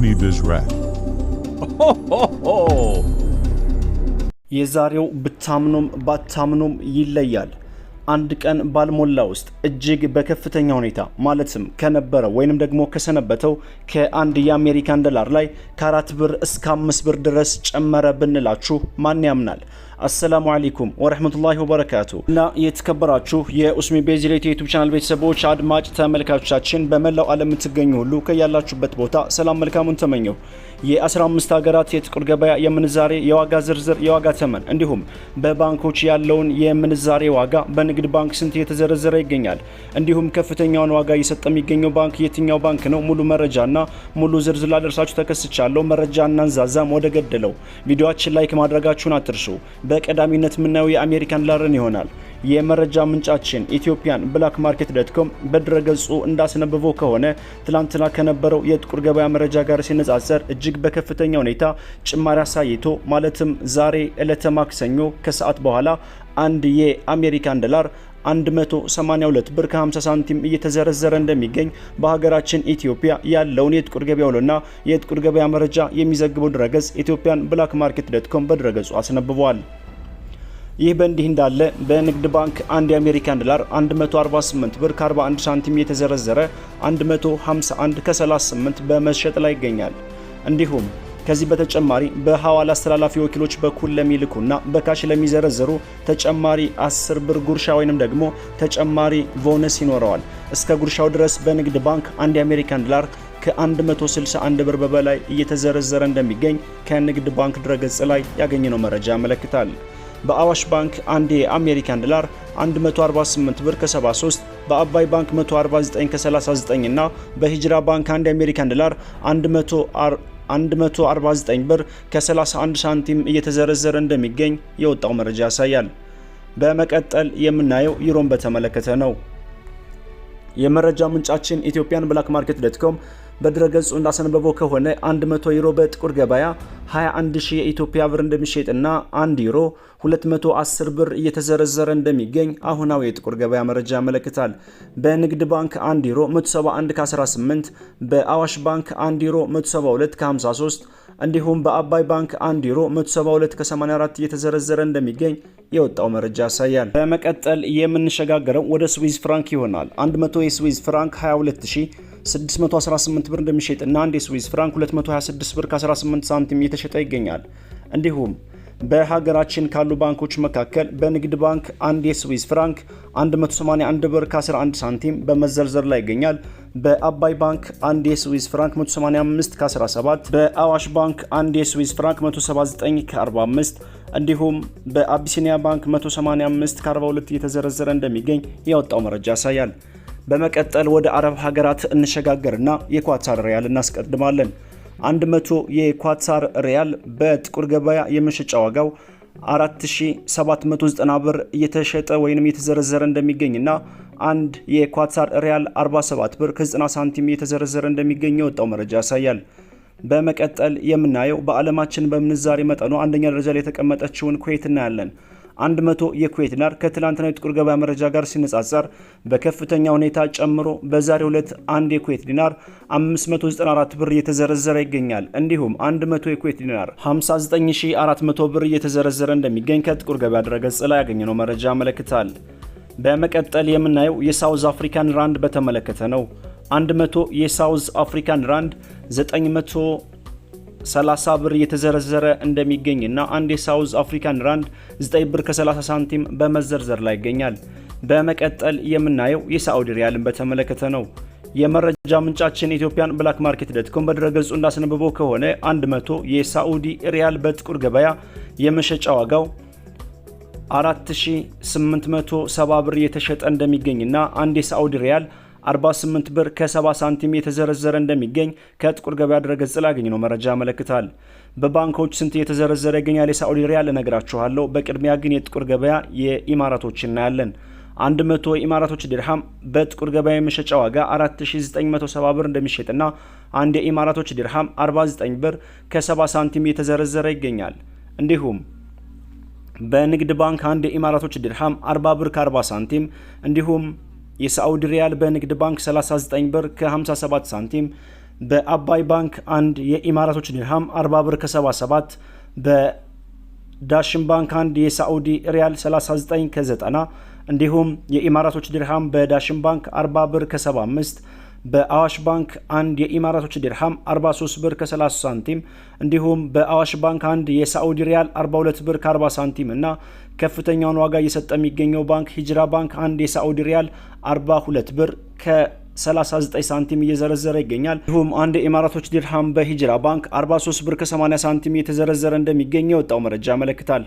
need this rat. Ho, ho, ho. የዛሬው ብታምኑም ባታምኑም ይለያል። አንድ ቀን ባልሞላ ውስጥ እጅግ በከፍተኛ ሁኔታ ማለትም ከነበረው ወይንም ደግሞ ከሰነበተው ከአንድ የአሜሪካን ዶላር ላይ ከአራት ብር እስከ አምስት ብር ድረስ ጨመረ ብንላችሁ ማን ያምናል? አሰላሙ አለይኩም ወረህመቱላሂ ወበረካቱ እና የተከበራችሁ የኡስሚ ቤዝሌት የዩቱብ ቻናል ቤተሰቦች አድማጭ ተመልካቾቻችን በመላው ዓለም የምትገኙ ሁሉ ከያላችሁበት ቦታ ሰላም መልካሙን ተመኘሁ የ የ15 ሀገራት የጥቁር ገበያ የምንዛሬ የዋጋ ዝርዝር፣ የዋጋ ተመን እንዲሁም በባንኮች ያለውን የምንዛሬ ዋጋ በንግድ ባንክ ስንት እየተዘረዘረ ይገኛል፣ እንዲሁም ከፍተኛውን ዋጋ እየሰጠ የሚገኘው ባንክ የትኛው ባንክ ነው? ሙሉ መረጃና ሙሉ ዝርዝር ላደርሳችሁ ተከስቻለሁ። መረጃ እናንዛዛም ወደ ገደለው ቪዲዮችን ላይክ ማድረጋችሁን አትርሱ። በቀዳሚነት የምናየው የአሜሪካን ዶላርን ይሆናል። የመረጃ ምንጫችን ኢትዮጵያን ብላክ ማርኬት ዶት ኮም በድረገጹ እንዳስነበበው ከሆነ ትላንትና ከነበረው የጥቁር ገበያ መረጃ ጋር ሲነጻጸር እጅግ በከፍተኛ ሁኔታ ጭማሪ አሳይቶ ማለትም ዛሬ ዕለተ ማክሰኞ ከሰዓት በኋላ አንድ የአሜሪካን ዶላር 182 ብር ከ50 ሳንቲም እየተዘረዘረ እንደሚገኝ በሀገራችን ኢትዮጵያ ያለውን የጥቁር ገበያ ውሎና የጥቁር ገበያ መረጃ የሚዘግበው ድረገጽ ኢትዮጵያን ብላክ ማርኬት ዶት ኮም በድረገጹ አስነብቧል። ይህ በእንዲህ እንዳለ በንግድ ባንክ አንድ የአሜሪካን ዶላር 148 ብር ከ41 ሳንቲም የተዘረዘረ 151 ከ38 በመሸጥ ላይ ይገኛል። እንዲሁም ከዚህ በተጨማሪ በሐዋላ አስተላላፊ ወኪሎች በኩል ለሚልኩና በካሽ ለሚዘረዝሩ ተጨማሪ 10 ብር ጉርሻ ወይንም ደግሞ ተጨማሪ ቦነስ ይኖረዋል። እስከ ጉርሻው ድረስ በንግድ ባንክ አንድ የአሜሪካን ዶላር ከ161 ብር በበላይ እየተዘረዘረ እንደሚገኝ ከንግድ ባንክ ድረገጽ ላይ ያገኘነው መረጃ ያመለክታል። በአዋሽ ባንክ አንድ የአሜሪካን ዶላር 148 ብር ከ73 በአባይ ባንክ 149 ከ39 እና በሂጅራ ባንክ አንድ የአሜሪካን ዶላር 149 ብር ከ31 ሳንቲም እየተዘረዘረ እንደሚገኝ የወጣው መረጃ ያሳያል። በመቀጠል የምናየው ዩሮን በተመለከተ ነው። የመረጃ ምንጫችን ኢትዮጵያን ብላክ ማርኬት ዶት ኮም በድረገጹ እንዳሰነበበው ከሆነ 100 ዩሮ በጥቁር ገበያ 21000 የኢትዮጵያ ብር እንደሚሸጥና 1 ዩሮ 210 ብር እየተዘረዘረ እንደሚገኝ አሁናዊ የጥቁር ገበያ መረጃ ያመለክታል። በንግድ ባንክ 1 ዩሮ 171 ከ18፣ በአዋሽ ባንክ 1 ዩሮ 172 ከ53 እንዲሁም በአባይ ባንክ 1 ዩሮ 172 ከ84 እየተዘረዘረ እንደሚገኝ የወጣው መረጃ ያሳያል። በመቀጠል የምንሸጋገረው ወደ ስዊዝ ፍራንክ ይሆናል። 100 የስዊዝ ፍራንክ 22000 618 ብር እንደሚሸጥና አንድ የስዊዝ ፍራንክ 226 ብር ከ18 ሳንቲም እየተሸጠ ይገኛል። እንዲሁም በሀገራችን ካሉ ባንኮች መካከል በንግድ ባንክ አንድ የስዊዝ ፍራንክ 181 ብር ከ11 ሳንቲም በመዘርዘር ላይ ይገኛል። በአባይ ባንክ አንድ የስዊዝ ፍራንክ 185 ከ17፣ በአዋሽ ባንክ አንድ የስዊዝ ፍራንክ 179 ከ45 እንዲሁም በአቢሲኒያ ባንክ 185 ከ42 እየተዘረዘረ እንደሚገኝ ያወጣው መረጃ ያሳያል። በመቀጠል ወደ አረብ ሀገራት እንሸጋገርና የኳታር ሪያል እናስቀድማለን። 100 የኳታር ሪያል በጥቁር ገበያ የመሸጫ ዋጋው 4790 ብር እየተሸጠ ወይም እየተዘረዘረ እንደሚገኝና አንድ የኳታር ሪያል 47 ብር ከ90 ሳንቲም እየተዘረዘረ እንደሚገኝ የወጣው መረጃ ያሳያል። በመቀጠል የምናየው በዓለማችን በምንዛሬ መጠኑ አንደኛ ደረጃ ላይ የተቀመጠችውን ኩዌት እናያለን። 100 የኩዌት ዲናር ከትላንትና የጥቁር ገበያ መረጃ ጋር ሲነጻጸር በከፍተኛ ሁኔታ ጨምሮ በዛሬው ዕለት አንድ የኩዌት ዲናር 594 ብር እየተዘረዘረ ይገኛል። እንዲሁም 100 የኩዌት ዲናር 59400 ብር እየተዘረዘረ እንደሚገኝ ከጥቁር ገበያ ድረገጽ ላይ ያገኘነው መረጃ ያመለክታል። በመቀጠል የምናየው የሳውዝ አፍሪካን ራንድ በተመለከተ ነው። 100 የሳውዝ አፍሪካን ራንድ 900 30 ብር እየተዘረዘረ እንደሚገኝና አንድ የሳውዝ አፍሪካን ራንድ 9 ብር ከ30 ሳንቲም በመዘርዘር ላይ ይገኛል። በመቀጠል የምናየው የሳዑዲ ሪያልን በተመለከተ ነው። የመረጃ ምንጫችን ኢትዮጵያን ብላክ ማርኬት ዶትኮም በድረገጹ እንዳስነብበው ከሆነ 100 የሳዑዲ ሪያል በጥቁር ገበያ የመሸጫ ዋጋው 4870 ብር እየተሸጠ እንደሚገኝና አንድ የሳዑዲ ሪያል 48 ብር ከ70 ሳንቲም የተዘረዘረ እንደሚገኝ ከጥቁር ገበያ ድረገጽ ላይ ነው መረጃ ያመለክታል። በባንኮች ስንት እየተዘረዘረ ይገኛል የሳዑዲ ሪያል እነግራችኋለሁ። በቅድሚያ ግን የጥቁር ገበያ የኢማራቶች እናያለን። 100 የኢማራቶች ድርሃም በጥቁር ገበያ የመሸጫ ዋጋ 4970 ብር እንደሚሸጥና አንድ የኢማራቶች ድርሃም 49 ብር ከ70 ሳንቲም የተዘረዘረ ይገኛል። እንዲሁም በንግድ ባንክ አንድ የኢማራቶች ድርሃም 40 ብር ከ40 ሳንቲም እንዲሁም የሳዑዲ ሪያል በንግድ ባንክ 39 ብር ከ57 ሳንቲም፣ በአባይ ባንክ አንድ የኢማራቶች ድርሃም 40 ብር ከ77፣ በዳሽን ባንክ አንድ የሳዑዲ ሪያል 39 ከ90 እንዲሁም የኢማራቶች ድርሃም በዳሽን ባንክ 40 ብር ከ75 በአዋሽ ባንክ አንድ የኢማራቶች ዲርሃም 43 ብር ከ30 ሳንቲም እንዲሁም በአዋሽ ባንክ አንድ የሳዑዲ ሪያል 42 ብር ከ40 ሳንቲም እና ከፍተኛውን ዋጋ እየሰጠ የሚገኘው ባንክ ሂጅራ ባንክ አንድ የሳዑዲ ሪያል 42 ብር ከ 39 ሳንቲም እየዘረዘረ ይገኛል። እንዲሁም አንድ የኢማራቶች ዲርሃም በሂጅራ ባንክ 43 ብር ከ80 ሳንቲም እየተዘረዘረ እንደሚገኝ የወጣው መረጃ ያመለክታል።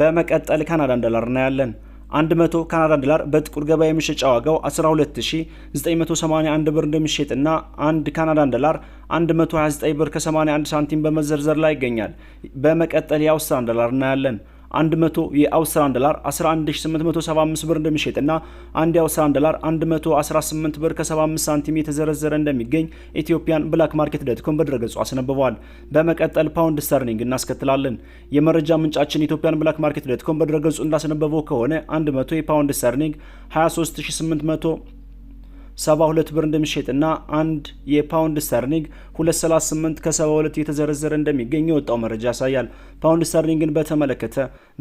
በመቀጠል ካናዳን ዶላር እናያለን። 100 ካናዳ ዶላር በጥቁር ገበያ የመሸጫ ዋጋው 12981 ብር እንደሚሸጥና 1 ካናዳ ዶላር 129 ብር ከ81 ሳንቲም በመዘርዘር ላይ ይገኛል። በመቀጠል የአውስትራን ዶላር እናያለን። 100 የአውስትራን ዶላር 11875 ብር እንደሚሸጥና አንድ የአውስትራን ዶላር 118 ብር ከ75 ሳንቲም የተዘረዘረ እንደሚገኝ ኢትዮጵያን ብላክ ማርኬት ኮም በድረገጹ አስነብበዋል። በመቀጠል ፓውንድ ስተርሊንግ እናስከትላለን። የመረጃ ምንጫችን ኢትዮጵያን ብላክ ማርኬት ኮም በድረገጹ እንዳስነበበው ከሆነ 100 የፓውንድ ስተርሊንግ 23800 72 ብር እንደሚሸጥና አንድ የፓውንድ ስተርሊንግ 238 ከ72 የተዘረዘረ እንደሚገኝ የወጣው መረጃ ያሳያል። ፓውንድ ስተርሊንግን በተመለከተ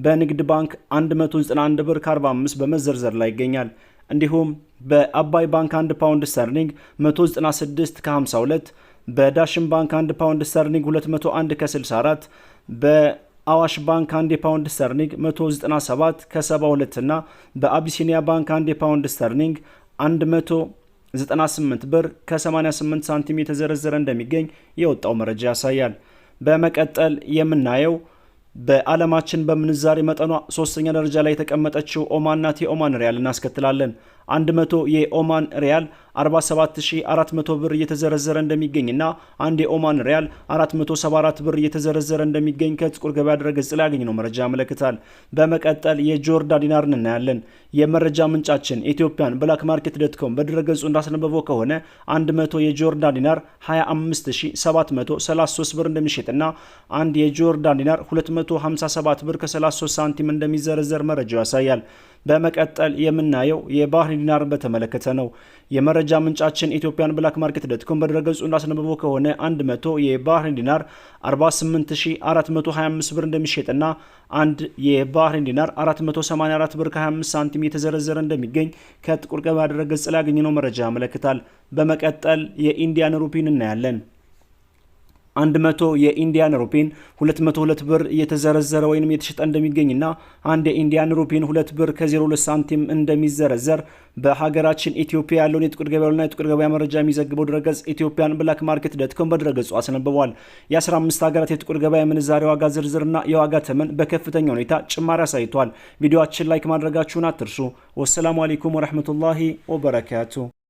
በንግድ ባንክ 191 ብር ከ45 በመዘርዘር ላይ ይገኛል። እንዲሁም በአባይ ባንክ 1 ፓውንድ ስተርሊንግ 196 ከ52፣ በዳሽን ባንክ 1 ፓውንድ ስተርሊንግ 201 ከ64 በአዋሽ ባንክ 1 የፓውንድ ስተርሊንግ 197 ከ72 እና በአቢሲኒያ ባንክ 1 የፓውንድ ስተርሊንግ 100 98 ብር ከ88 ሳንቲም የተዘረዘረ እንደሚገኝ የወጣው መረጃ ያሳያል። በመቀጠል የምናየው በዓለማችን በምንዛሬ መጠኗ ሶስተኛ ደረጃ ላይ የተቀመጠችው ኦማን ናት። የኦማን ሪያል እናስከትላለን። 100 የኦማን ሪያል 47400 ብር እየተዘረዘረ እንደሚገኝና አንድ የኦማን ሪያል 474 ብር እየተዘረዘረ እንደሚገኝ ከጥቁር ገበያ ድረገጽ ላይ ያገኘነው መረጃ ያመለክታል። በመቀጠል የጆርዳን ዲናርን እናያለን። የመረጃ ምንጫችን ኢትዮጵያን ብላክ ማርኬት ኮም በድረገጹ እንዳስነበበው ከሆነ 100 የጆርዳን ዲናር 25733 ብር እንደሚሸጥና አንድ የጆርዳን ዲናር 257 ብር ከ33 ሳንቲም እንደሚዘረዘር መረጃው ያሳያል። በመቀጠል የምናየው የባህሪ ዲናርን በተመለከተ ነው። የመረጃ ምንጫችን ኢትዮጵያን ብላክ ማርኬት ዶትኮም በድረገጹ እንዳስነበቦ ከሆነ 100 የባህሪን ዲናር 48425 ብር እንደሚሸጥና አንድ የባህሪን ዲናር 484 ብር ከ25 ሳንቲም የተዘረዘረ እንደሚገኝ ከጥቁር ገበያ ድረገጽ ላይ ያገኘነው መረጃ ያመለክታል። በመቀጠል የኢንዲያን ሩፒን እናያለን። 100 የኢንዲያን ሩፒን 202 ብር እየተዘረዘረ ወይም የተሸጠ እንደሚገኝና አንድ የኢንዲያን ሩፒን 2 ብር ከ02 ሳንቲም እንደሚዘረዘር በሀገራችን ኢትዮጵያ ያለውን የጥቁር ገበያና የጥቁር ገበያ መረጃ የሚዘግበው ድረገጽ ኢትዮጵያን ብላክ ማርኬት ደትኮም በድረገጹ አስነብቧል። የ15 ሀገራት የጥቁር ገበያ የምንዛሬ ዋጋ ዝርዝርና የዋጋ ተመን በከፍተኛ ሁኔታ ጭማሪ አሳይቷል። ቪዲዮችን ላይክ ማድረጋችሁን አትርሱ። ወሰላሙ አሌይኩም ወረህመቱላሂ ወበረካቱ